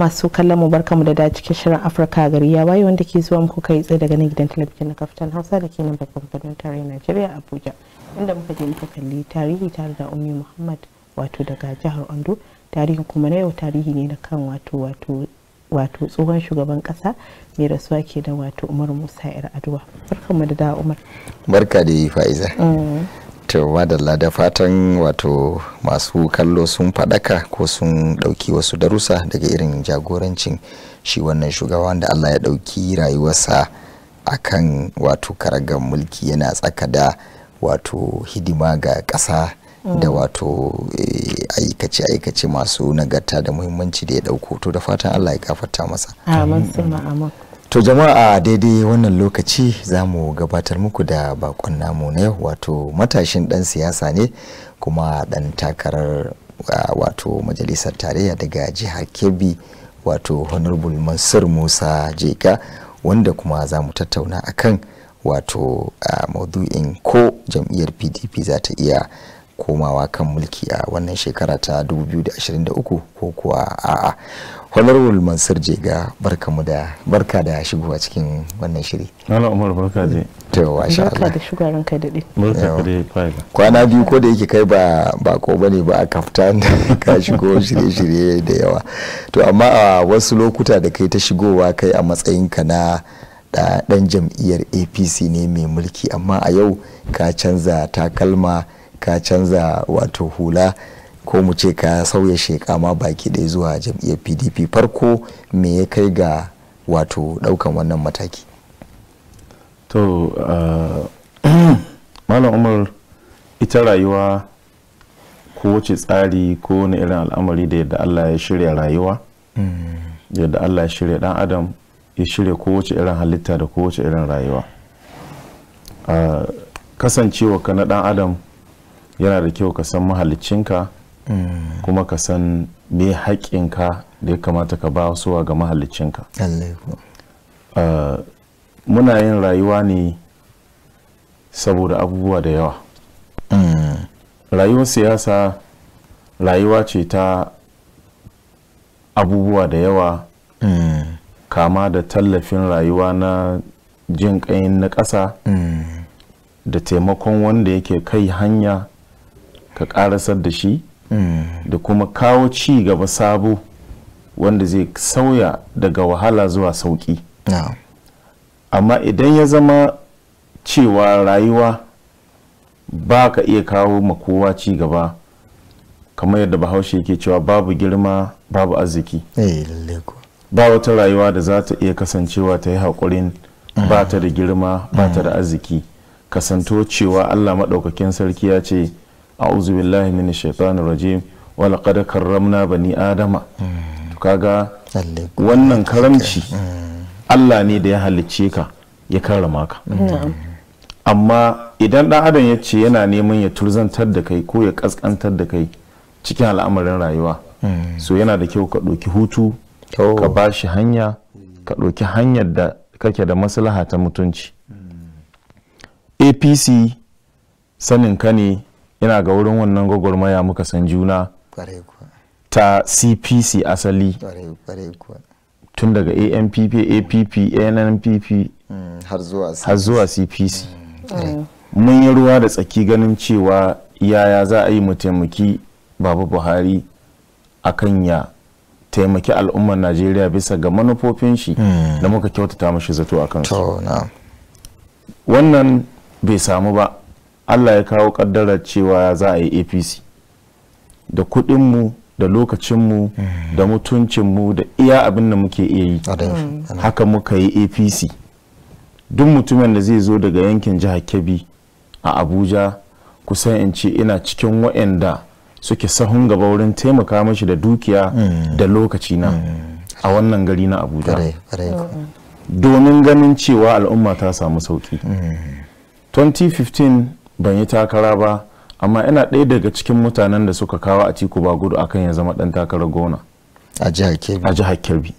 masu kallon mu barka mu da da cikin shirin Afirka gari ya waye wanda ke zuwa muku kai tsaye daga nan gidan talabijin na Kaftan Hausa da ke nan babban birnin tarayyar Najeriya Abuja inda muka je muka kalli tarihi tare da Ummi Muhammad wato daga jihar Ondo tarihin kuma na yau tarihi ne na kan wato wato wato tsohon shugaban kasa mai rasuwa ke da wato Umar Musa Yar barka mu da da Umar barka da Fa'iza mm. to madalla da fatan wato masu kallo sun faɗaka ko sun ɗauki wasu darussa daga irin jagorancin shi wannan shugaban da allah ya ɗauki rayuwarsa akan wato karagan mulki yana tsaka da wato hidima ga ƙasa da mm. wato eh, aikace-aikace masu nagarta da muhimmanci da ya dauko to da fatan Allah ya kafarta masa. Amin, amin To jama'a daidai wannan lokaci za mu gabatar muku da bakon namu na yau wato matashin dan siyasa ne kuma dan takarar wato majalisar tarayya daga jihar Kebbi wato Honorable Mansur Musa Jika wanda kuma za mu tattauna akan wato maudu'in ko jam'iyyar PDP za ta iya komawa kan mulki a wannan shekara ta 2023 ko kuwa a'a honorable mansur jega barka da barka da shigowa cikin wannan shiri Allah umar barka da to wa sha Allah barka da shugaban kai dade barka da faila kwana biyu ko da yake kai ba ba ko bane ba a kaftan ka shigo shirye shirye da yawa to amma a wasu lokuta da kai ta shigowa kai a matsayin ka na dan jam'iyyar APC ne mai mulki amma a yau ka canza takalma ka canza wato hula ko mu ce ka sauya sheka ma baki ɗaya zuwa jam'iyyar pdp farko me ya kai ga wato ɗaukan wannan mataki to ah, malam umar ita rayuwa ko wace tsari ko wani irin al'amari da yadda allah ya shirya rayuwa mm. yadda allah ya shirya dan adam ya shirya kowace irin halitta da kowace irin rayuwa ah, kasancewa ka na dan adam yana da kyau ka san mahalicinka mm. kuma ka san me haƙƙinka da ya kamata ka ba suwa ga mahalicinka ah, muna yin rayuwa ne saboda abubuwa da yawa mm. rayuwar siyasa rayuwa ce ta abubuwa da yawa mm. kama da tallafin rayuwa na jin ƙayin na ƙasa da taimakon wanda yake kai hanya ka karasar da shi da kuma kawo ci gaba sabo wanda zai sauya daga wahala zuwa sauƙi. amma idan ya zama cewa rayuwa ba ka iya kawo ma kowa ci gaba kamar yadda bahaushe ke cewa babu girma babu arziki eh, ba wata rayuwa da za ta iya kasancewa ta yi haƙurin ba ta da girma ba ta da mm. arziki kasanto cewa allah maɗaukakin sarki ya ce a'udhu billahi minash shaitanir rajim wa laqad karramna bani adama to kaga wannan karamci mm. Allah ne da ya halicce ka ya karrama ka mm. amma idan ɗan adam ya ce yana neman ya turzantar da kai ko ya ƙasƙantar da kai cikin al'amarin rayuwa mm. so yana da kyau ka ɗauki hutu ka ba shi hanya ka ɗauki hanyar da kake da maslaha ta mutunci apc sanin ka ne ina ga wurin wannan gwagwarmaya muka san juna ta cpc asali tun daga ampp app nnpp mm, har zuwa cpc mm, mun yi ruwa da tsaki ganin cewa yaya za a yi mu taimaki baba buhari akan ya taimaki al'ummar najeriya bisa ga manufofin shi mm. da muka kyautata mashi zato a kansu wannan bai samu ba allah ya kawo kaddarar cewa za a yi apc da kudinmu da lokacinmu hmm. da mutuncinmu da iya abin da muke iya yi hmm. haka muka yi apc duk mutumin da zai zo daga yankin jihar kebbi a abuja kusan in ce ina cikin waɗanda suke sahun gaba wurin taimaka mashi da dukiya hmm. da lokaci na a wannan gari na abuja oh. domin ganin cewa al'umma ta samu sauki 2015 ban yi takara ba amma ina ɗaya daga cikin mutanen da suka kawo a tiku ba gudu akan ya zama ɗan takarar gona a jihar kirby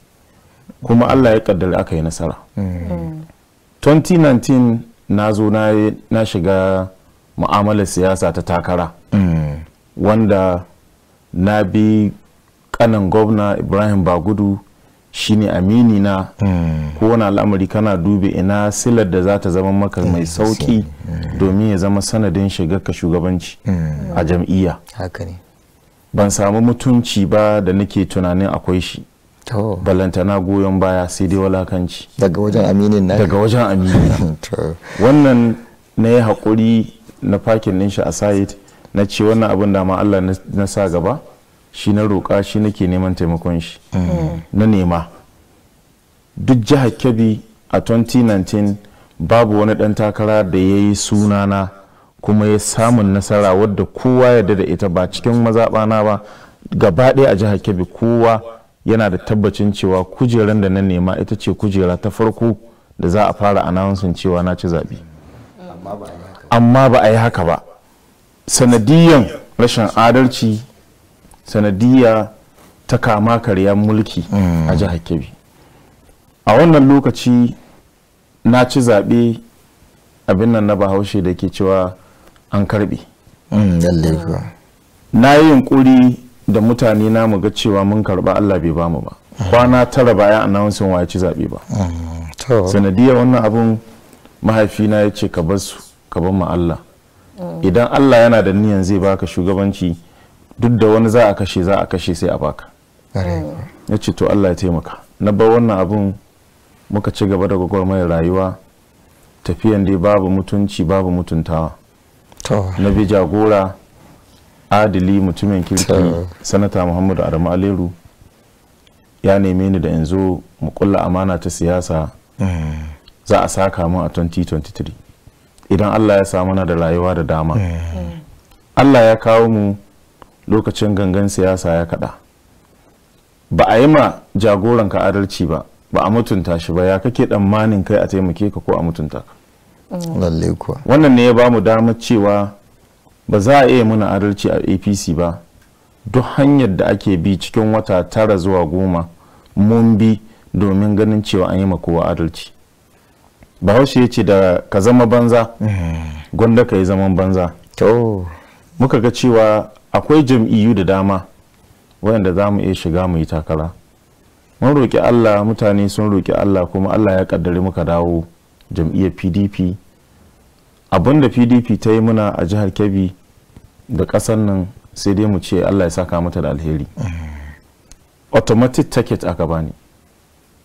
kuma allah ya kaddara aka yi nasara 2019 na zo na shiga mu'amalar siyasa ta takara mm. wanda na bi kanan gwamna ibrahim bagudu shine amini na hmm. kowane al'amari kana dube ina silar da za ta zama maka hmm. mai sauki hmm. domin ya zama sanadin ka shugabanci a jam'iyya ban samu mutunci ba da nake tunanin akwai shi balantana goyon baya sai dai walakanci daga wajen aminin na wannan na yi haƙuri na fakin ɗin shi a sayid na ce wannan abin da ma Allah na sa gaba shi na roƙa shi nake neman taimakon shi mm. na nema duk jihar kebbi a 2019 babu wani ɗan takara da ya yi sunana kuma ya samun nasara wadda kowa ya da ita ba cikin mazaɓana ba gaba ɗaya a jihar kebbi kowa yana da tabbacin cewa kujeran da na nema ita ce kujera ta farko da za a fara announcing cewa na ci zaɓe amma ba a yi haka ba sanadiyan rashin adalci sanadiyya ta kama karyar mulki mm. a jihar kebbi a wannan lokaci na ci zaɓe abin nan na bahaushe da ke cewa an karɓe mm, ah. na yi yunƙuri da mutane na mu ga cewa mun karɓa allah bai bamu ba mm. kwana tara baya a wa ya ci zaɓe ba sanadiyar wannan abun mahaifina ya ce ka bar su ka bar ma allah idan allah yana da niyan zai baka shugabanci duk da wani za a kashe za a kashe sai a baka ya ce to Allah ya taimaka na bar wannan abun muka ci gaba da gwagwarmayar rayuwa tafiyan dai babu mutunci babu mutuntawa na bi jagora adili mutumin kirki sanata muhammadu adamu aleru ya neme ni da yanzu mu kulla amana ta siyasa mm. za a saka mu a 2023 idan allah ya samu na da rayuwa da dama mm. allah ya kawo mu lokacin gangan siyasa ya kada ba a yi ma jagoranka adalci ba ba a mutunta shi ba ya kake tsammanin kai a taimake ka ko a mutunta ka lalle wannan ne ya ba mu damar cewa ba za a iya muna adalci a apc ba duk hanyar da ake bi cikin wata tara zuwa goma mun bi domin ganin cewa an yi ma kowa adalci bahaushe ya ce da ka zama banza mm. gwanda ka yi zaman banza muka ga cewa akwai jam'iyyu da dama waɗanda za mu iya shiga mu yi takara mun roƙi allah mutane sun roƙi allah kuma allah ya ƙaddari muka dawo jam'iyyar pdp abinda pdp ta yi muna a jihar kebbi da ƙasar nan sai dai mu ce allah ya saka mata da alheri mm-hmm. automatic ticket aka bani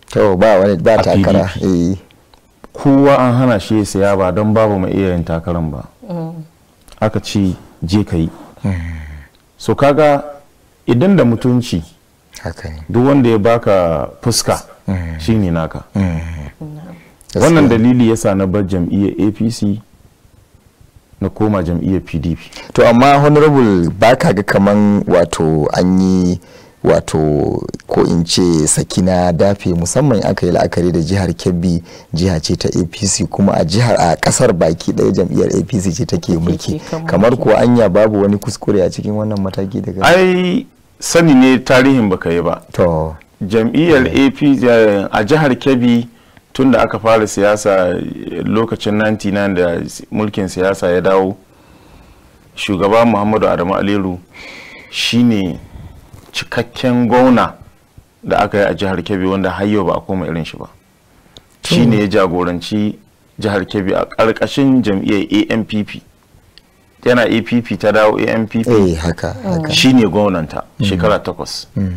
to ba eh. kowa an hana shi ya saya ba don babu mai iya yin takaran ba mm. aka ce je ka yi mm. so kaga idan da mutunci duk wanda ya baka fuska mm. shine naka mm. wannan dalili yasa na bar jam'iyyar apc na koma jam'iyyar pdp to amma honorable baka ga kaman wato an yi wato ko in ce sakina dafe musamman aka yi la'akari da jihar kebbi jiha ce ta apc kuma a jihar a kasar baki daya jam'iyyar apc ce take mulki kamar ko anya babu wani kuskure a cikin wannan mataki daga ai sani ne tarihin baka yi ba to jam'iyyar eh. apc a jihar kebbi tun da aka fara siyasa lokacin 99 da mulkin siyasa ya dawo shugaba muhammadu adamu aliru shine cikakken gwamna da aka yi a jihar kebbi wanda hayo ba a koma irin shi ba shi ne ya jagoranci jihar kebbi a ƙarƙashin jam'iyyar ampp yana app ta dawo ampp eh, oh. shi ne gwamnanta mm. shekara takwas mm.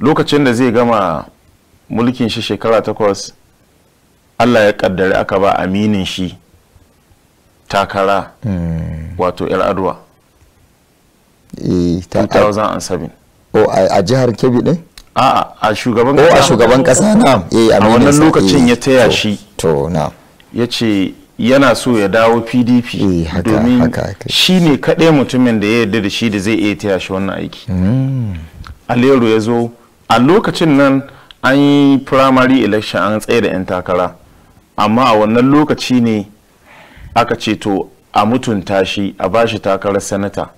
lokacin da zai gama mulkin shi shekara takwas allah ya kaddare aka ba aminin shi takara mm. wato 'yar adwa 2007 eh, a jihar kebbi din a a shugaban kasa a na eh, a wannan lokacin ya taya shi ya yana so ya dawo pdp eh, domin shi ne kaɗai mutumin da ya yarda da shi da zai iya taya shi wannan aiki mm. alero ya zo a lokacin nan an yi primary election an tsaye da 'yan takara amma a wannan lokaci ne aka ce to a mutunta shi a ba shi takarar sanata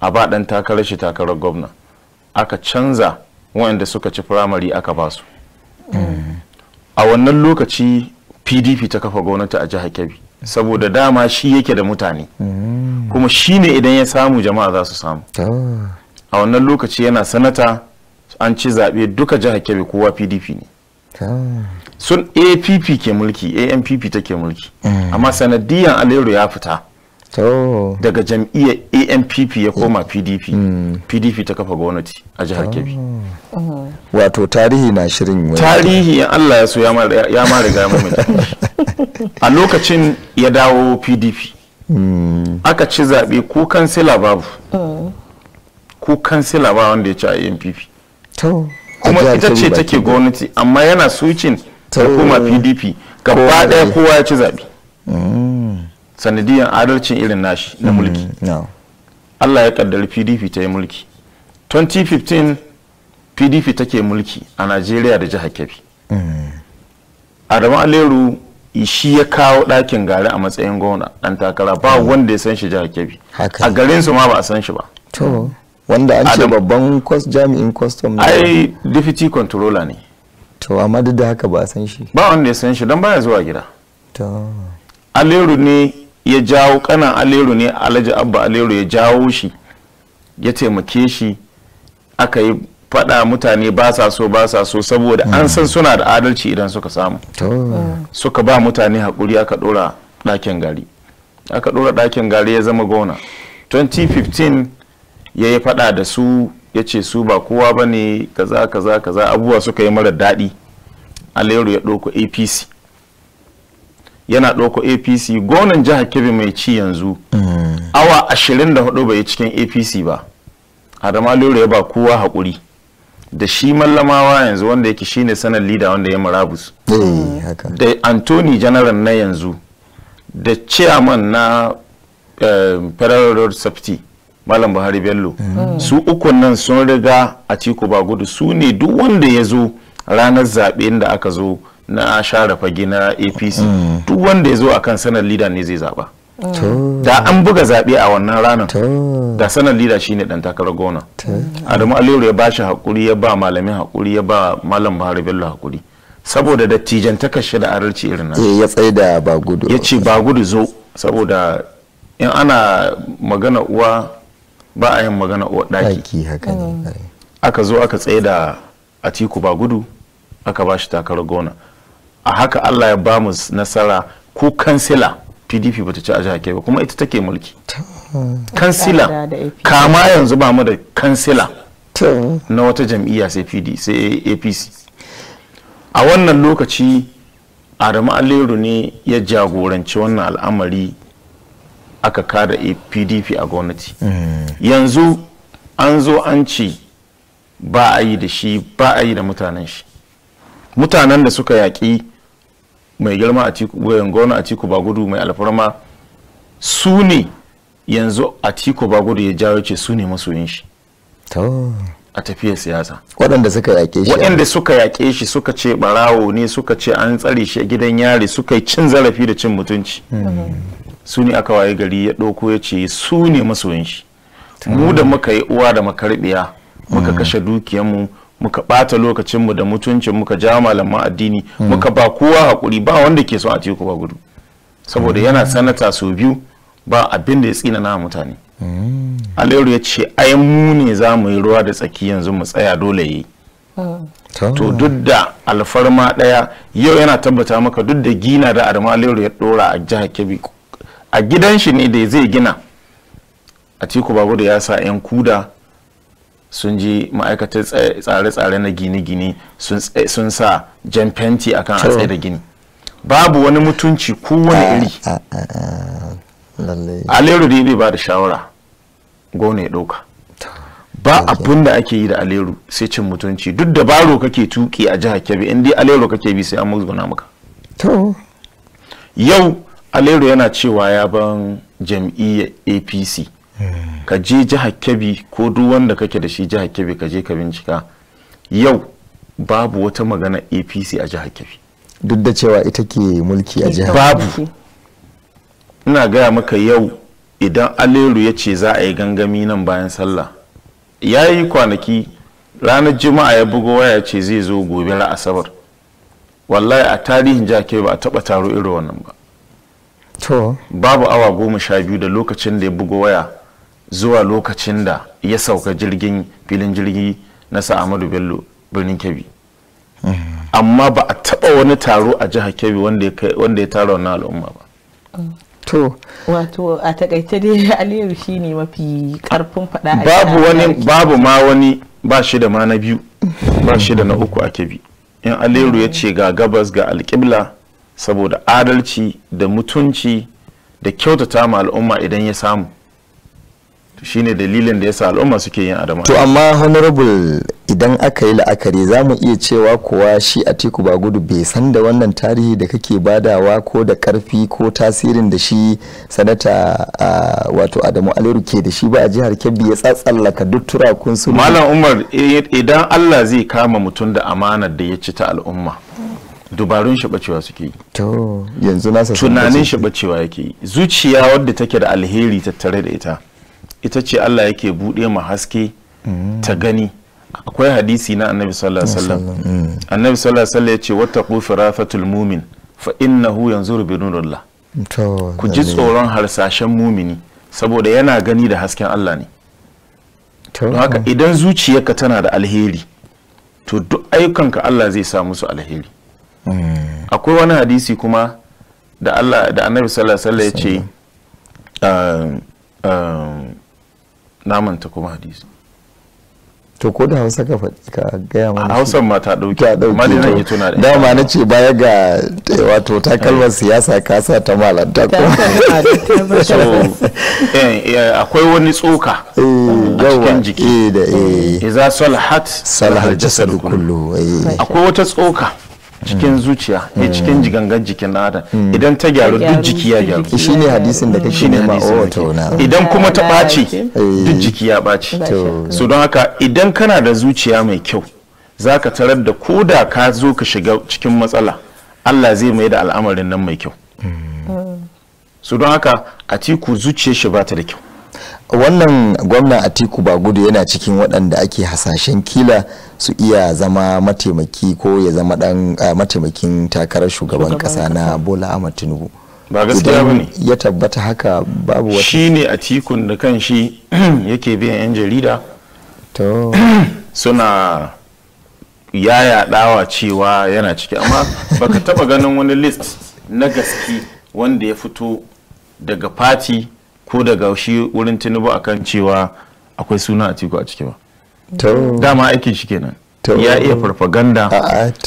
a ba ɗan takarar shi takarar gwamna aka canza waɗanda suka ci firamare aka ba su a wannan lokaci pdp ta kafa gwamnati a jihar kebbi saboda dama shi yake da mutane kuma shi ne idan ya samu jama'a za su samu a wannan lokaci yana sanata an ci zaɓe duka jihar kebbi kowa pdp ne sun app ke mulki ampp take mulki mm. amma sanadiyan alero ya fita daga jam'iyyar ampp ya koma pdp mm. pdp mm. ta kafa gwamnati a jihar ah. kebbi uh-huh. wato tarihi na shirin tarihi in allah ya so ya ma riga a lokacin ya dawo pdp mm. aka ci zaɓe ko kansila babu uh-huh. ko kansila ba wanda ya ci a ampp kuma ita ce take gwamnati amma yana sucin ta koma pdp gaba ɗaya kowa ya ci zaɓe sanadiyan adalcin irin nashi na mm, mulki Allah ya kaddari PDP ta yi mulki 2015 PDP take mulki a Najeriya da jihar Kebbi mm. Adamu Aleru shi ya kawo ɗakin gari a matsayin gona. ɗan takara ba mm. wanda ya san shi jihar Kebbi a garin su ma ba a san shi ba to wanda an ce babban jami'in custom ai deputy controller ne to a duk da haka ba a san shi ba wanda ya san shi don baya zuwa gida to Aleru ne ya jawo kanan aleru ne alhaji abba aleru ya jawo shi ya taimake shi aka yi fada mutane ba sa so ba sa so saboda an hmm. san suna da adalci idan suka samu suka ba mutane haƙuri aka ɗora ɗakin gari aka ɗora ɗakin gari ya zama gona 2015 ya yi fada da su ya ce su ba kowa ba ne kaza kaza kaza abubuwa suka yi mara daɗi aleru ya ɗauko apc yana ɗauko apc gonan jihar kebbi mai ci yanzu awa 24 bai cikin apc ba adama lura ya ba kowa haƙuri da shi mallamawa yanzu wanda yake shine sanar leader wanda ya murabus eh, da anthony general na yanzu da chairman na eh, federal road safety malam buhari bello eh. su uku nan sun riga a tiku ba gudu su ne duk wanda ya zo ranar zaɓe da aka zo na share fage na apc mm. duk wanda ya zo akan kan sanar leader ne zai zaba mm. da an buga zaɓe a wannan ranar da sanar leader shine dan takarar gona adamu aliyu ya bashi hakuri ya ba malamin hakuri ya ba malam bahari bello hakuri saboda dattijan ta kashe da ararci irin nan eh, ya tsaye da ba gudu ya ce ba zo saboda in ana magana uwa ba a yin magana uwa daki mm. aka zo aka tsaye da atiku ba gudu aka bashi takarar gona a haka allah ya bamu nasara ko kansila pdp bata ci a jihar ba kuma ita take mulki kansila kama yanzu ba mu da kansila na wata jam'iyya sai pd sai apc a wannan lokaci adamu aleru ne ya jagoranci wannan al'amari aka kada pdp a gwamnati mm. yanzu an zo an ce ba a yi da shi ba a yi da mutanen shi mutanen da suka yaƙi mai girma a tiku eh, gona a tiku ba gudu mai alfarma su ne yanzu a tiku ba gudu ya jawo ce su ne masoyin shi a tafiyar siyasa waɗanda suka yaƙe shi waɗanda suka yaƙe shi suka ce ɓarawo ne suka ce an tsare shi a gidan yari suka yi cin zarafi da cin mutunci hmm. su ne aka waye gari ya ɗauko ya ce su ne masoyin shi mu da muka yi uwa da makarɓiya muka hmm. kashe dukiyanmu muka ɓata mu da mutuncin muka ja malaman addini mm. muka ba kowa hakuri ba wanda ke son a ba gudu saboda mm. yana sanata su biyu ba abin da ya tsina na mutane mm. alayyar ya ce ai mu ne za mu yi ruwa da tsaki yanzu mu tsaya dole yi ah. to duk da alfarma ɗaya yau yana tabbata maka duk da gina da adama alayyar ya ɗora a jihar kebbi a gidan shi ne da zai gina a ba gudu ya sa 'yan kuda sun ji ma'aikatar tsare-tsare na gine-gine sun sa jan fenti akan a tsaye da gini babu wani mutunci kowane ah, iri ah, ah, aleru da ba da shawara gona ya ɗauka ba abin da ake yi da aleru sai cin mutunci duk da baro kake tuki a jihar kebbi in dai aleru kake bi sai an muzguna maka yau aleru yana cewa ya ban jam'iyyar apc ka je jihar kebbi ko duk wanda kake da shi jihar kebbi ka je ka bincika yau babu wata magana apc a jiha kebbi duk da cewa ita ke mulki a jihar babu ina gaya maka yau idan aleru ya ce za a yi gangami nan bayan sallah ya yi kwanaki ranar juma'a ya bugo waya ce zai zo gobe asabar wallahi a tarihin jake ba a taba taro irin wannan ba babu awa goma sha biyu da lokacin da ya bugo waya zuwa lokacin da ya sauka jirgin filin jirgi na sa'amadu bello birnin kebbi amma ba a taba wani taro a jihar kebbi wanda ya taro na al'umma ba to wato a takaice dai aliyu shine mafi karfin fada babu wani babu ma wani ba shi da ma na biyu ba shi da na uku a kebbi in aliyu ya ce ga gabas ga alƙibla saboda adalci da mutunci da kyautata ma al'umma idan ya samu shine dalilin da ya sa al'umma suke yin adama to amma honorable idan aka yi la'akari za mu iya cewa kuwa shi a teku ba gudu bai san da wannan tarihi da kake badawa ko da karfi ko tasirin da shi sanata wato adamu aliru ke da shi ba a jihar kebbi ya tsatsallaka duk turakun su malam umar eh, idan allah zai kama mutum da amanar da ya ci ta al'umma dubarun shabacewa suke yi yanzu na tunanin shabacewa yake yake zuciya wadda take da alheri tattare da ita ita ce Allah yake buɗe ma haske ta mm. gani akwai hadisi na annabi sallallahu alaihi wasallam mm. annabi sallallahu alaihi wasallam wata mumin fa innahu yanzuru bi nurillah ku ji tsoron harsashen mumini saboda yana gani da hasken Allah ne don haka mm. idan zuciyarka tana da alheri to duk ayyukanka Allah zai sa musu alheri akwai wani hadisi kuma da Allah da annabi sallallahu alaihi wasallam ce. namanta kuma hadisi to ko da hausa ka gaya mana hausan ma ta dauke amma mali na tuna da dama na ce baya ga eh, wato takalmar eh. siyasa ka sa ta malanta ko eh, akwai wani tsoka a cikin jiki da eh idza salahat salahal jasad kullu akwai wata tsoka cikin hmm. zuciya ne eh, cikin hmm. jigangan jikin na adam hmm. idan ta gyaru duk jiki ya gyaru shi ne hadisin da kake nema o na idan kuma ta ɓaci eh. duk jiki ya ɓaci so don haka idan kana da zuciya mai kyau zaka tarar da ko da ka zo ka shiga cikin matsala Allah zai mai da al'amarin nan mai kyau so don haka a tiku zuciyar shi ba ta da kyau wannan gwamna atiku bagudu yana cikin waɗanda ake hasashen kila su iya zama mataimaki ko ya zama dan mataimakin takarar shugaban ƙasa na bola ahmad tinubu ba gaskiya ba ne ya tabbata haka babu wata shi ne atikun da kan shi yake biyan 'yan jarida to suna yayaɗawa cewa yana ciki amma baka taba ganin wani list na gaske wanda ya fito daga fati ko daga shi wurin tinubu kan cewa akwai suna a tiku a ciki ba dama aikin shi kenan ya iya farfaganda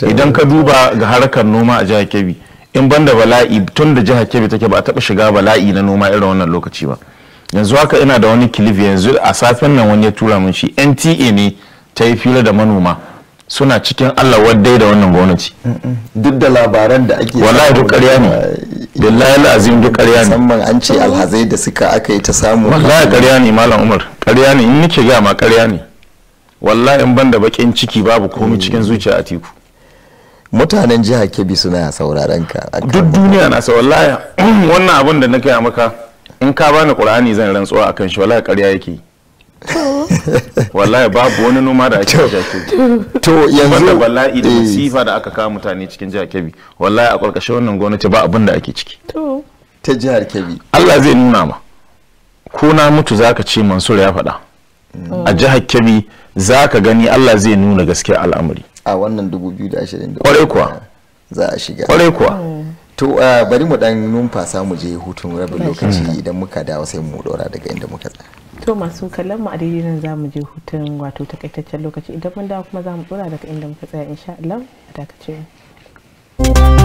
idan ka duba ga harkar noma a jihar kebbi in banda bala'i tun da jihar kebbi take ba a taba shiga bala'i na noma irin wannan lokaci ba yanzu haka ina da wani kilif yanzu a safen nan wani ya tura min shi nta ne ta yi fila da manoma suna cikin Allah wadda da wannan gwamnati duk da labaran da ake wallahi duk ƙarya ne eh, billahi azim duk ƙarya ne musamman an ce alhazai da suka aka yi ta samu wallahi ƙarya ne malam umar ƙarya ne in nake ga ma ƙarya ne wallahi in banda bakin ciki babu komai mm. cikin zuciya a tiku mutanen jiha kebbi suna sauraron ka duk duniya na sa wallahi wannan abin da na kai maka in ka bani qur'ani zan rantsuwa akan shi wallahi ƙarya yake wallahi babu wani noma da ake jakebi to yanzu wanda bala'i da masifa da aka kawo mutane cikin jihar kebbi wallahi a ƙarƙashin wannan gwamnati ba abin da ake ciki ta jihar kebbi allah zai nuna ma ko na mutu zaka ce mansur ya faɗa mm. a jihar kebbi zaka gani allah zai nuna gaskiya al'amari a wannan 2020 kwarai kuwa za a shiga kwarai kuwa mm. to uh, bari mu dan numfasa mu je hutun rabin lokaci idan muka dawo sai mu dora daga inda muka tsaya to masu kallon mu a daidai nan za mu je hutun wato takaitaccen lokaci idan mun dawo kuma za mu dora daga inda muka tsaya insha Allah a dakace mu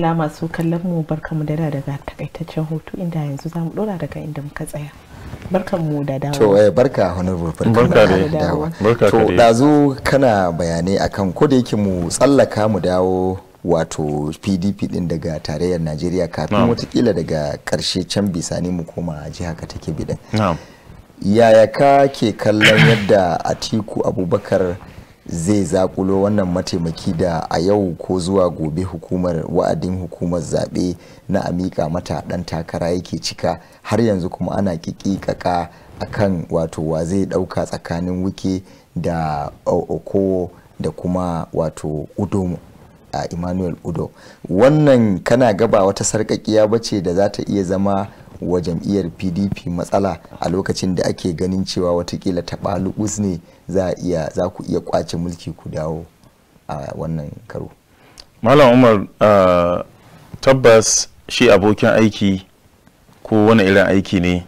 madalla masu kallon mu barkamu da daga takaitaccen hutu inda yanzu za mu dora daga inda muka tsaya da dawa to eh barka honorable barka da dawa to dazu kana bayanai akan ko da yake mu tsallaka mu dawo wato pdp din daga tarayyar najeriya kafin watakila daga karshe can bisani mu koma jiha ka take bidan yaya ka ke kallon yadda atiku abubakar zai zakulo wannan mataimaki da a yau ko zuwa gobe hukumar wa'adin hukumar zaɓe na amika mata ɗan takara yake cika har yanzu kuma ana ƙiƙiƙaƙa akan wato wa zai ɗauka tsakanin wike da okowo da kuma wato udomo a emmanuel udo wannan kana gaba wata sarkakiya bace da za ta iya zama wa jam'iyyar pdp matsala a lokacin da ake ganin cewa watakila taɓa ne za iya za ku iya kwace mulki ku dawo a wannan karo malam umar tabbas shi abokin aiki ko wani irin aiki ne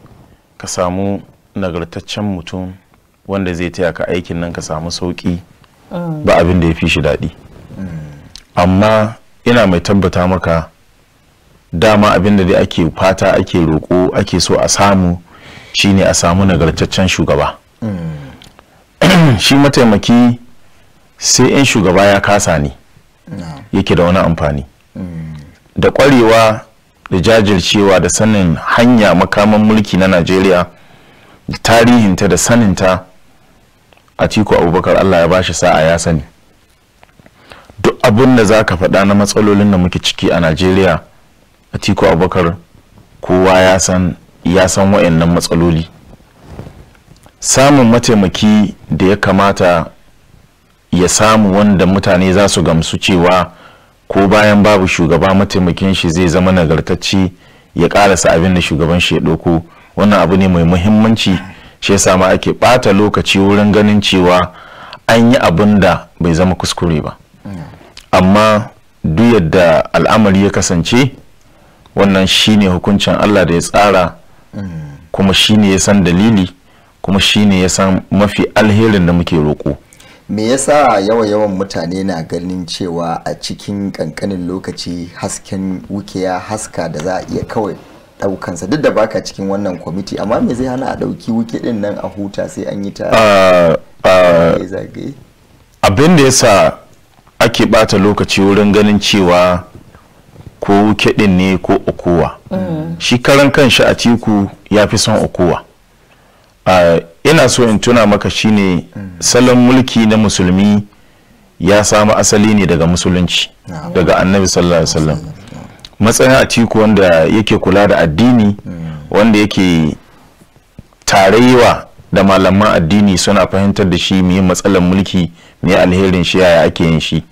ka samu nagartaccen mutum wanda zai taya ka aikin nan ka samu sauki mm. ba abin da ya fi shi daɗi mm. amma ina mai tabbata maka dama abin da dai ake fata ake roƙo ake so a samu shine a samu nagartaccen shugaba mm. shi mataimaki sai in shugaba ya kasa ne yake da wani amfani mm. da kwarewa da jajircewa da sanin hanya makaman mulki na najeriya da tarihinta da saninta a tiko abubakar allah ya bashi sa'a ya sani duk abin da za ka faɗa na matsalolin da muke ciki a najeriya a tiko abubakar kowa ya san wa'annan matsaloli samun mataimaki da ya kamata ya samu wanda mutane za su gamsu cewa ko bayan babu shugaba mataimakin shi zai zama nagartacci ya karasa abin da shugaban shi ya ɗauko wannan abu ne mai muhimmanci shi yasa ma ake ɓata lokaci wurin ganin cewa an yi abin da bai zama kuskure ba amma duk yadda al'amari ya kasance wannan shine hukuncin allah da ya tsara mm. kuma shine ya san dalili kuma shine ya san mafi alherin da muke roƙo me yasa yawa-yawan mutane na ganin cewa a cikin kankanin lokaci hasken wukiya haska da za a iya kawai daukansa duk da baka cikin wannan kwamiti amma me zai hana a dauki wuki din nan a huta sai an yi ta ah, ah, abin da yasa ake bata lokaci wurin ganin cewa ko wuke din ne ko okowa mm. shi karan kanshi a tiku ya fi son okowa ina so in tuna maka shine salon mulki na musulmi ya samu asali ne daga musulunci daga annabi sallallahu alaihi wasallam matsayin atiku wanda yake kula da addini wanda yake tarewa da malaman addini suna fahimtar da shi mai matsalar mulki mai alherin shi yaya ake yin shi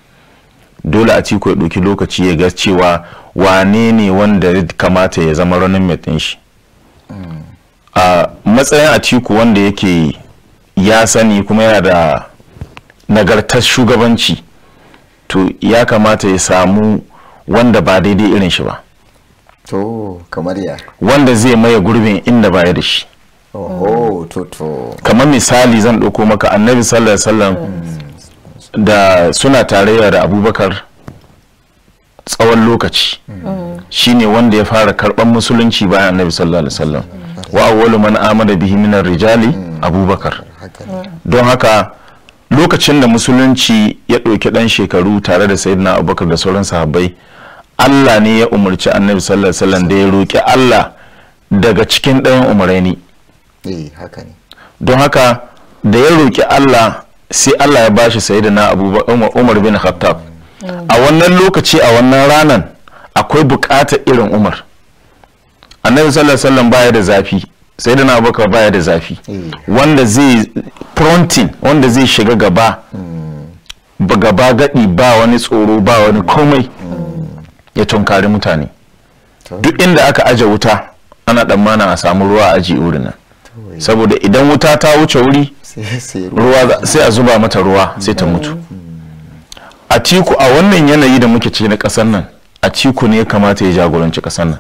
dole a ciko ya ɗauki lokaci ya ga cewa wane ne wanda kamata ya zama ranar mai shi a matsayin atiku wanda yake ya sani kuma yana da nagartar shugabanci to ya kamata ya samu wanda ba daidai irin shi ba to kamar ya wanda zai maye gurbin inda ba ya da shi kamar misali zan ɗauko maka annabi sallallahu alaihi hmm. da suna tarayya da abubakar tsawon lokaci hmm. shine wanda ya fara karɓar musulunci bayan annabi sallallahu alaihi wasallam wa awwalu man amana bihi ar rijali hmm. abubakar don haka lokacin da musulunci ya ɗauki dan shekaru tare da sayyidina abubakar da sauran sahabbai allah ne ya umarci annabi sallallahu alaihi wasallam da ya roki allah daga cikin ɗayan umarni eh, don haka da ya roki allah sai allah ya bashi sayyidina abubakar umar bin khattab hmm. a wannan lokaci a wannan ranan akwai bukata irin umar annabi sallallahu alaihi wasallam baya da zafi sai da abubakar baya da zafi eh. wanda zai prontin wanda zai shiga gaba ba hmm. gaba gadi ba wani tsoro ba wani komai hmm. ya tunkari mutane duk inda aka aje wuta ana tsammana a samu ruwa a aji wurin nan eh. saboda idan wuta ta wuce wuri sai a zuba mata ruwa sai ta hmm. mutu a tiku a wannan yanayi da muke ciki na nan a tiku ne ya kamata ya jagoranci kasan nan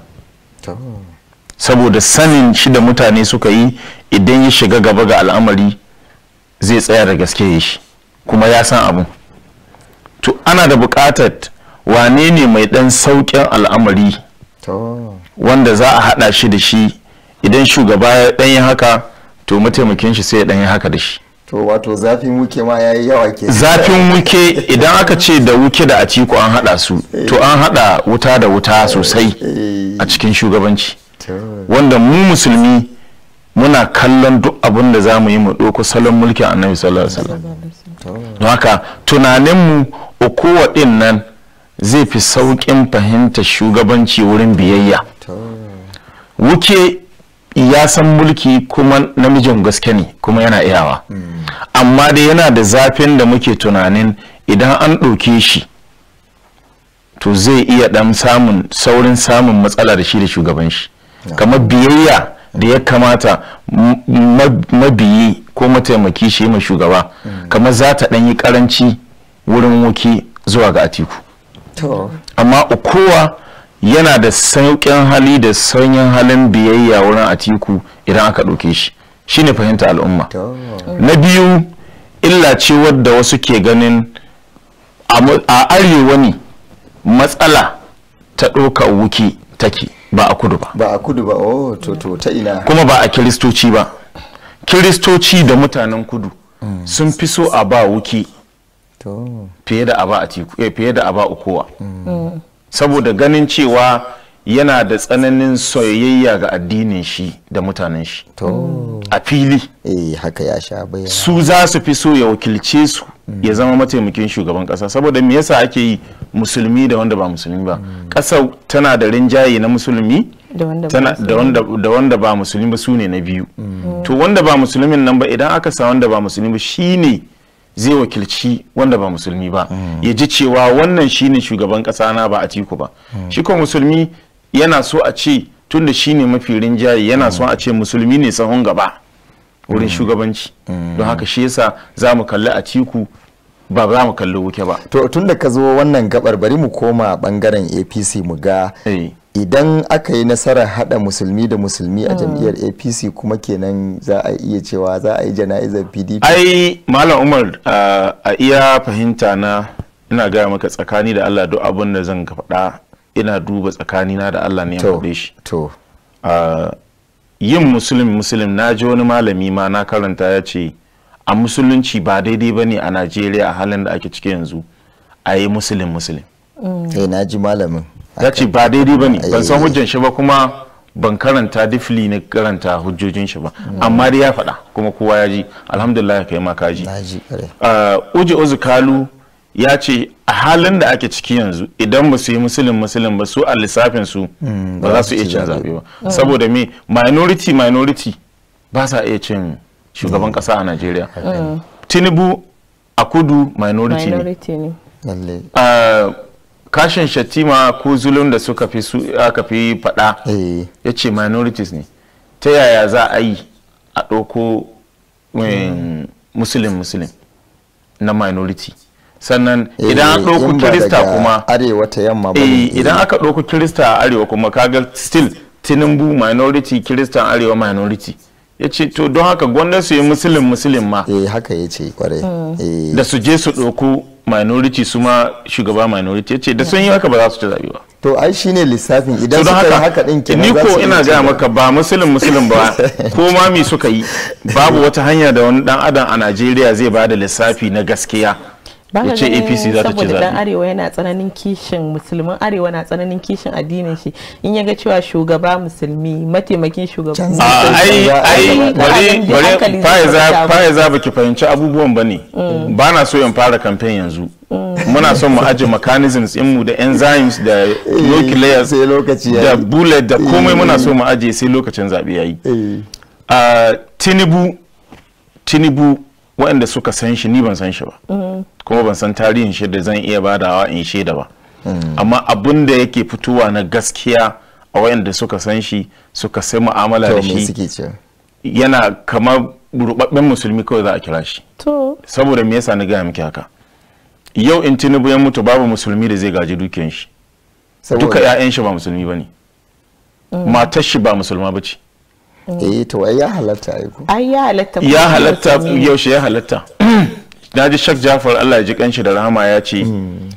saboda sanin shi da mutane suka yi idan ya shiga gaba ga al'amari zai tsaya da gaske ya shi kuma ya san abu to ana da bukatar wane ne mai ɗan saukin al'amari wanda za a haɗa shi da shi idan shugaba ya ɗan yi haka to mataimakin shi sai ya ɗan yi haka da shi to wato zafin wuke ma ya yi yawa ke zafin wuke idan aka ce da wuke da aciko an haɗa su to an haɗa wuta da wuta sosai eh. a cikin shugabanci wanda mu musulmi muna kallon duk abin da za mu yi mu ɗauko salon mulkin annabi sallallahu alaihi wasallam don haka tunaninmu kowa ɗin nan zai fi sauƙin fahimta shugabanci wurin biyayya wuke ya san mulki kuma namijin gaske ne kuma yana iyawa hmm. amma dai yana da zafin da muke tunanin idan an ɗauke shi to zai iya ɗan samun saurin samun matsala da shi da shugaban shi kamar biyayya da ya kamata mabiyi ko mataimaki shi mai shugaba mm. kamar za ta ɗanyi karanci wurin wuki zuwa ga atiku amma ukowa yana da sauƙin hali da sanyin halin biyayya wurin atiku idan aka ɗauke shi shine fahimta al'umma na biyu illa ce wadda wasu ke ganin a arewa ne matsala ta ɗaukar wuki take ba a kudu ba ba a kudu ba oh to to ta ina kuma ba a kiristoci ba kiristoci da mutanen kudu hmm. sun fi so a ba wuki fiye da a ba a eh, fiye da a ba ukowa hmm. hmm. saboda ganin cewa yana da tsananin soyayya ga addinin shi da mutanen shi a fili eh, haka ya sha su za su fi so ya wakilce su mm. ya zama mataimakin shugaban kasa saboda me yasa ake yi musulmi da wanda ba musulmi ba kasa mm. tana da rinjaye na musulmi da wanda ba musulmi ba su na biyu mm. oh. to wanda ba musulmin nan ba idan aka sa wanda ba musulmi ba shine zai wakilci wanda ba musulmi ba ya ji cewa wannan shine shugaban kasa na ba a tiku ba shi ko musulmi yana so a ce tun da shi ne mafi rinjaye yana so a ce musulmi ne sahun gaba wurin mm. shugabanci mm. don haka shi yasa za mu kalli a tiku ba za mu kalli wuke ba to tun da ka zo wannan gabar bari mu koma bangaren apc mu ga eh. idan aka yi nasarar hada musulmi da musulmi a mm. jam'iyyar apc kuma kenan za a iya cewa za a yi jana'izar pdp ai malam umar a iya fahimta na ina gaya maka tsakani da allah duk abin da zan faɗa ina duba tsakani na da Allah ne ya shi to yin musulun musulun na ji wani malami ma na karanta ya ce a musulunci ba daidai ba ne a najeriya a halin da ake ciki yanzu a yi musulun musulun mm. eh, na ji malamin ya ce ba daidai ba ne ban san eh. hujjan shi ba kuma ban karanta difli na karanta hujjojin shi ba mm. amma dai ya faɗa kuma kowa ya ji alhamdulillah kai ma ka ji uji uzu kalu ya ce a halin da ake ciki yanzu idan ba su yi musulun musulun ba su a lissafin su hmm, ba za su iya cin zaɓe ba saboda me minority minority ba sa iya cin shugaban hmm. ƙasa a najeriya hmm. tinubu a kudu minority ne kashin shatima ko zulun da suka fi aka fi faɗa eh. ya ce minorities ne ta yaya za a yi a ɗauko eh, musulun musulun na minority sannan idan an eh, ɗauku kirista kuma arewa ta yamma ba eh, idan aka ɗauku kirista a arewa kuma kaga still tinubu minority kirista arewa minority ya ce to don haka gwanda su yi musulun musulun ma eh haka ya ce kwarai hmm. eh. da su je su ɗauku minority su ma shugaba minority ya ce da sun yi haka ba za su ci zabi ba to ai shine lissafin idan suka yi haka din kenan ni ko ina ga maka ba musulun musulun ba ko ma mi suka yi babu wata hanya da wani dan adam a Najeriya zai ba da lissafi na gaskiya ba ka ganin APC za ta ci zaɓe dan arewa yana tsananin kishin musulmin arewa na tsananin kishin addinin shi in ya ga cewa shugaba musulmi mataimakin shugaba ai ai bari bari faiza faiza baki fahimci abubuwan bane mm. ba na so in fara campaign yanzu mm. muna son mu aje mechanisms in mu da enzymes da eh, nuclear sai lokaci da bullet da komai muna eh. so mu aje sai lokacin zaɓe yayi eh. ah, tinubu tinubu waɗanda suka san shi ni ban san shi ba kuma ban san tarihin shi da zan iya badawa in shaida ba amma abin da yake fitowa na gaskiya a waɗanda suka san shi suka sai mu'amala da shi yana kamar rubabben musulmi kawai za a kira shi saboda me yasa na gaya miki haka yau in tinubu ya mutu babu musulmi da zai gaji dukiyan shi duka 'ya'yan shi ba musulmi ba ne mm. matar shi ba musulma ba eh to ai ya halatta ai ko ai ya halatta ya halatta yaushe ya halatta na ji shak jafar allah ya ji kanshi da rahama ya ce hmm.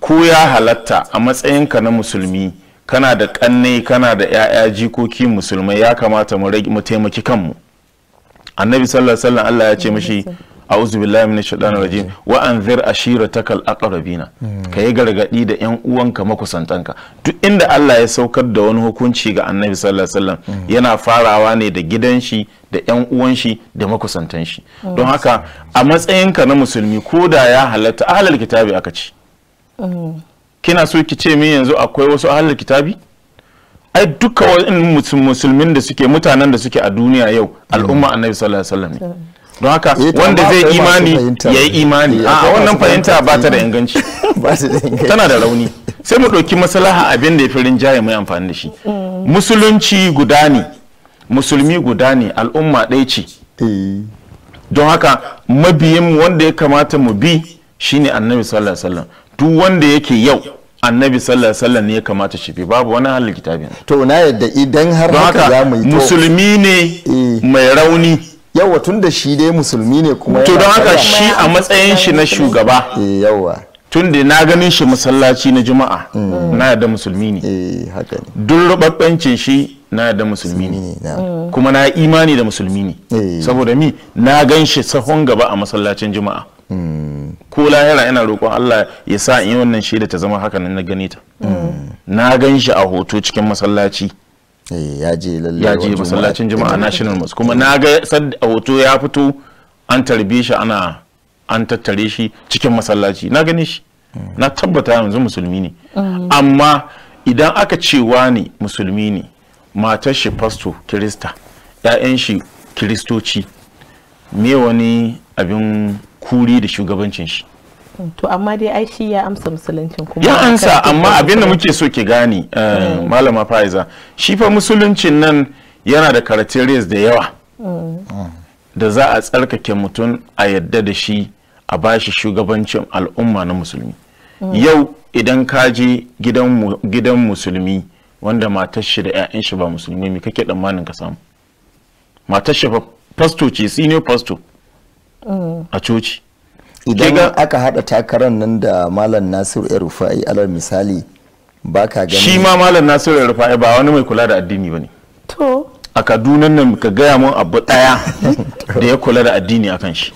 ko ya halatta a matsayinka na musulmi kana da kanne kana da 'ya'ya jikoki musulmai ya kamata mu taimaki kanmu annabi sallallahu alaihi wasallam allah ya ce mashi a'udhu billahi minash shaitani rajim wa anzir ashiratakal aqrabina hmm. kai gargadi da yan uwanka makusantanka duk inda Allah ya saukar da wani hukunci ga Annabi sallallahu alaihi wasallam hmm. yana farawa ne da gidan shi da yan uwan shi da makusantan shi hmm. don haka a matsayinka na musulmi ko da ya halatta ahlul kitabi aka ce kina so ki ce min yanzu akwai wasu ahlul kitabi ai duka wa'in musulmin da suke mutanen da suke a duniya yau al'umma annabi sallallahu alaihi wasallam ne don haka eh, wanda zai imani ya yi imani eh, a wannan fahimta ba ta da inganci tana da rauni sai mu ɗauki masalaha abin da ya fi rinjaye mai amfani da shi mm. musulunci guda ne musulmi guda ne al'umma ɗaya ce eh. don haka mabiyin wanda ya kamata mu bi shine annabi sallallahu alaihi wasallam duk wanda yake yau annabi sallallahu alaihi wasallam ne ya kamata shi bi babu wani halin kitabin to na yadda idan har haka musulmi ne mai rauni yawa tun da shi dai musulmi ne kuma to don haka shi a matsayin shi na shugaba eh, yawa tun da na ganin shi masallaci na juma'a mm. na da musulmi eh, ne duk rubabbancin shi na da musulmi ne mm. kuma na imani da musulmi ne eh. saboda mi na gan shi sahon gaba a masallacin juma'a mm. ko lahira ina roƙon Allah ya sa in yi wannan shaida ta zama haka na gane ta na gan shi a hoto cikin masallaci Eh, ya je lallai masallacin juma'a national mosque kuma na ga sadda hoto ya fito an tarbe shi ana an tattare shi cikin masallaci na gani shi na tabbata yanzu musulmi ne mm. amma idan aka cewa ne musulmi ne matar shi fasto kirista 'ya'yan shi kiristoci me wani abin kuri da shugabancin shi Mm, to amma dai ai shi ya amsa musuluncin kuma ya amsa amma abin da muke so ki gani eh, mm. malama faiza shi fa musuluncin nan yana da characteristics da yawa mm. da za a tsarkake mutum a yadda da shi a bashi shugabancin al'umma na musulmi yau idan ka je gidan musulmi wanda matar shi da 'ya'yan shi ba musulmi me kake tsammanin ka samu matar shi fa fasto ce senior fasto a coci idan aka hada takarar nan da malam nasiru ya rufa'i alal misali ba ka gani shi ma malam nasiru ya rufa'i ba wani mai kula da addini ba ne to a kaduna nan ka gaya mun abu daya da ya kula da addini akan shi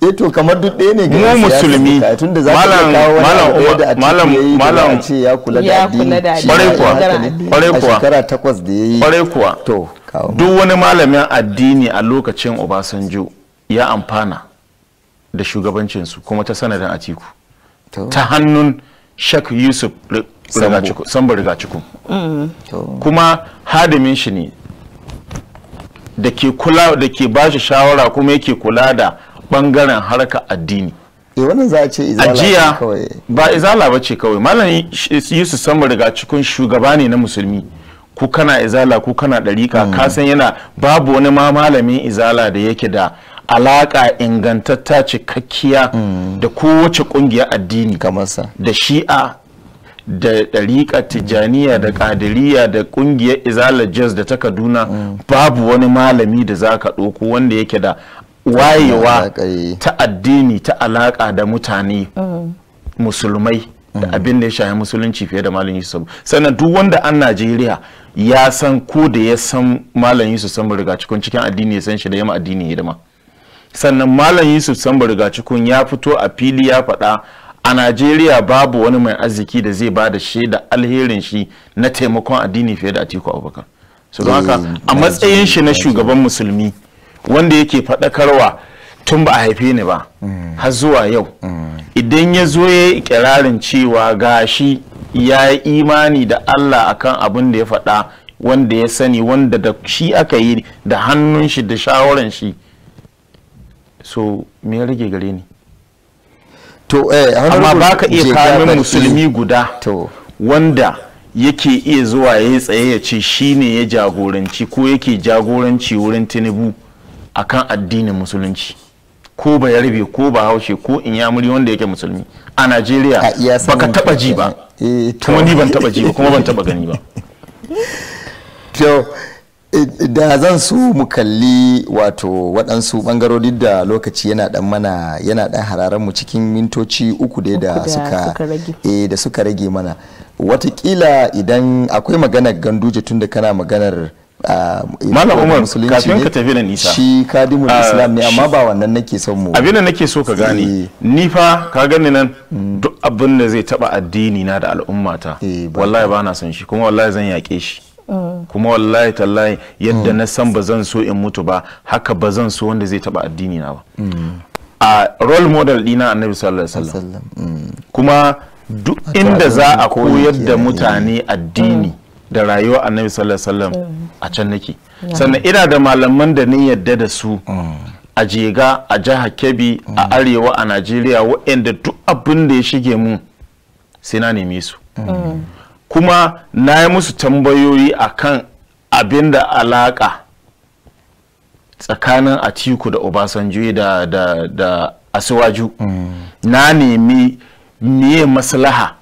e to kamar duk ɗaya ne ga musulmi malam malam malam ce ya kula da addini kwarai kuwa kwarai kuwa shekara takwas da yi kwarai kuwa to duk wani malamin addini a lokacin Obasanjo ya amfana da shugabancinsu kuma ta sanadin atiku ta hannun shek yusuf riga rigacikun mm. kuma hadimin shi ne da ke kula da ke ba shi shawara kuma yake kula da bangaren harka addini e za a ce izala kawai ba izala ba ce kawai malam yusuf riga rigacikun shugaba ne na musulmi ku kana izala ku kana ɗarika mm. kasan yana babu wani ma malamin izala da yake da alaka ingantatta cikakkiya mm. da kowace kungiyar addini da shi'a da dariƙa tijjaniya da ƙadiriya da ƙungiyar izalar jazz da ta kaduna mm. babu wani malami da za ka ɗauko wanda yake da wayewa ta addini ta alaƙa da mutane mm. musulmai da abin da ya shahi musulunci fiye da malam yusuf sannan duk wanda an najeriya ya san ko da ya san malam yusuf sabu riga cikin addini ya san shi da yamma addini ya hidima. sannan malam yusuf sambar rigacikun ya fito a fili ya faɗa a najeriya babu wani mai arziki da zai ba da shaida alherin shi na taimakon addini fiye da atiku abubakar su don haka mm, a matsayin shi na shugaban musulmi wanda yake faɗakarwa tun ba a haife ni ba mm. har zuwa yau mm. idan ya zo ya yi ikirarin cewa gashi ya yi imani da allah akan abin da ya faɗa wanda ya sani wanda da shi aka yi da hannun shi da shawaran shi so me ya rage gare ni to eh amma baka iya kamin musulmi guda to wanda yake iya zuwa ya tsaye ya ce shine ya jagoranci ko yake jagoranci wurin tinubu akan addinin musulunci ko ba yarbe ko ba haushe ko inyamuri wanda yake musulmi a najeriya baka taba ji ba eh, kuma ni ban taba ji ba kuma ban taba gani ba da zan so mu kalli wato waɗansu ɓangarori da lokaci yana ɗan mana yana ɗan hararen mu cikin mintoci uku dai da suka rage eh, da suka rage mana watakila idan akwai maganar ganduje tun da kana maganar ah, Malam Umar kafin ka tafi da nisa shi kadimun ah, islam ne amma ba wannan nake son mu abin da nake so ka gane eh. ni fa ka gani nan mm. duk abin da zai taba addini na da al'ummata eh, wallahi ba na son shi kuma wallahi zan yaƙe shi kuma wallahi tallahi yadda na san ba zan so in mutu ba haka ba zan so wanda zai taba addini na ba a role model dina annabi sallallahu alaihi wasallam mm. kuma duk inda za a koyar da mutane eh. addini mm. da rayuwa annabi sallallahu alaihi wasallam mm. a can nake sannan ina da malaman da ni yadda da su a jega a jihar kebbi a arewa a najeriya waɗanda duk abin da ya shige mu sai na neme su kuma na yi musu tambayoyi a kan abin da alaƙa tsakanin atiku da obasanjo da, da, asiwaju mm. na nemi miye maslaha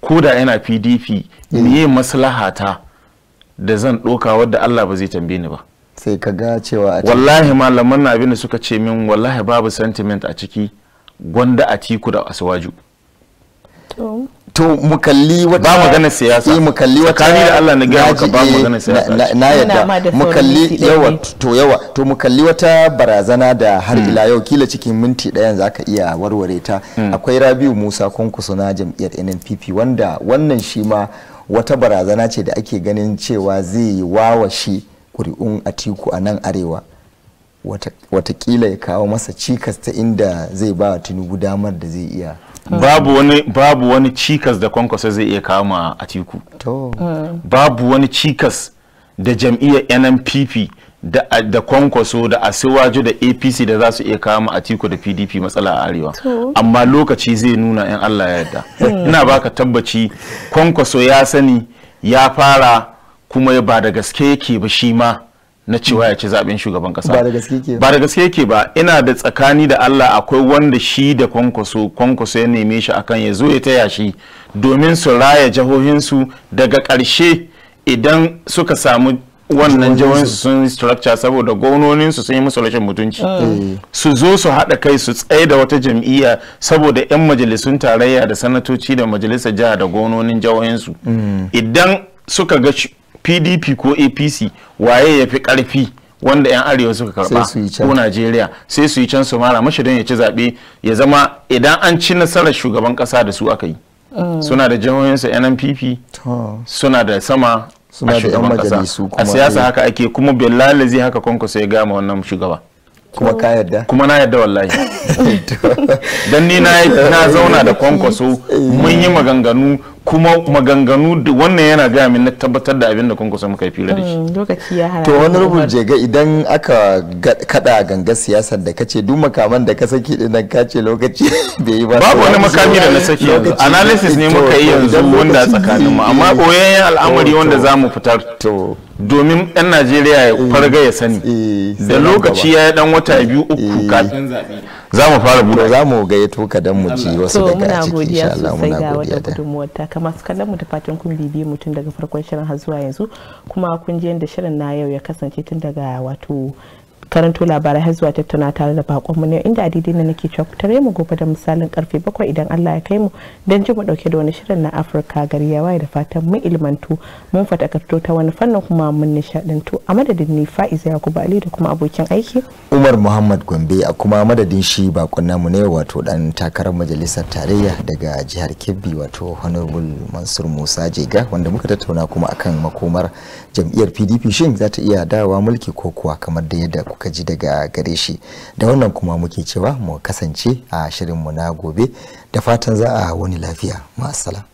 ko da yana pdp mm. miye maslaha ta da zan ɗoka wadda allah ba zai tambaye ni ba sai ka ga cewa wallahi malaman na abin da suka ce min wallahi babu sentiment a ciki gwanda atiku da asiwaju to mu wata ba magana siyasa mu kalli wata eh, kani da Allah na gaya ka ba eh, magana siyasa na yadda mu kalli yawa to yawa to mu kalli wata barazana da har hmm. ila yau kila cikin minti ɗaya zaka iya warware ta hmm. akwai Rabiu Musa Konkuso na jam'iyyar NNPP wanda wannan shi ma wata barazana ce da ake ganin cewa zai wawashi kuri'un Atiku a nan arewa watakila ya kawo masa cikas ta inda zai ba Tinubu damar da zai iya babu wani babu wani cikas da kwankwaso zai iya kama a tiku babu wani cikas da jam'iyyar nnpp da, da kwankwaso da asiwaju da apc da za su iya kama a tiku da pdp matsala a arewa amma lokaci zai nuna in allah ya yarda ina baka tabbaci kwankwaso ya sani ya fara kuma ba da gaske yake ba shi ma na cewa ya ci zaɓen shugaban ƙasa ba da gaske ke ba da gaske ke ba ina da tsakani da Allah akwai wanda shi da kwankwaso kwankwaso ya neme shi akan ya zo ya taya shi domin su raya jahohinsu daga ƙarshe idan suka samu wannan jahohinsu sun structure saboda gononinsu sun yi musu rashin mutunci ah. eh. su zo su haɗa kai su tsaye da wata jam'iyya saboda 'yan majalisun tarayya da sanatoci da majalisar jiha da gononin jihohinsu mm. idan suka ga pdp ko apc waye ya fi karfi wanda 'yan arewa suka karba ko najeriya sai su yi can su mara mashi don ya ci zaɓe ya zama idan an ci nasarar shugaban ƙasa da su aka yi mm. suna da su nnpp suna da sama a shugaban ƙasa a siyasa haka ake kuma bellali zai haka kwankwaso ya gama wannan shugaba kuma ka yarda kuma na yarda wallahi dan ni na zauna da kwankwaso eh. mun yi maganganu kuma maganganu wannan yana gaya min na tabbatar da abin da kun kusa muka fira da shi hmm, to wani rubun jega idan aka kada ganga siyasar da kace duk makaman da ka saki din nan kace lokaci bai yi ba babu wani makami da na saki yanzu analysis ne muka yi yanzu wanda tsakanin mu amma boyayyen al'amari wanda zamu fitar to domin 'yan najeriya ya eh. farga ya sani eh, da lokaci ya yi dan wata eh, biyu uku kafin za mu fara buɗe za mu gayyato ka dan mu ci wasu daga a ciki godiya Allah muna godiya da gudunmuwar ta kamar su kallon mu da fatan kun bibiye mutum daga farkon shirin har zuwa yanzu kuma kun je yadda shirin na yau ya kasance tun daga wato karanto labarai har zuwa tattauna tare da bakonmu mu ne inda na nake cewa ku tare mu gobe da misalin karfe bakwai idan Allah ya kai mu dan ji mu dauke da wani shirin na Afirka gari ya waye da fatan mu ilmantu mun fatakarto ta wani fannin kuma mun nishadantu a madadin ni Fa'iza Yakubu Ali da kuma abokin aiki Umar Muhammad Gombe a kuma madadin shi bakon namu ne wato dan takarar majalisar tarayya daga jihar Kebbi wato Honorable Mansur Musa Jega wanda muka tattauna kuma akan makomar jam'iyyar PDP shin za ta iya dawowa mulki ko kuwa kamar da yadda kuka ji daga gare shi da wannan kuma muke cewa mu kasance a shirinmu na gobe da fatan za a wani lafiya ma'asala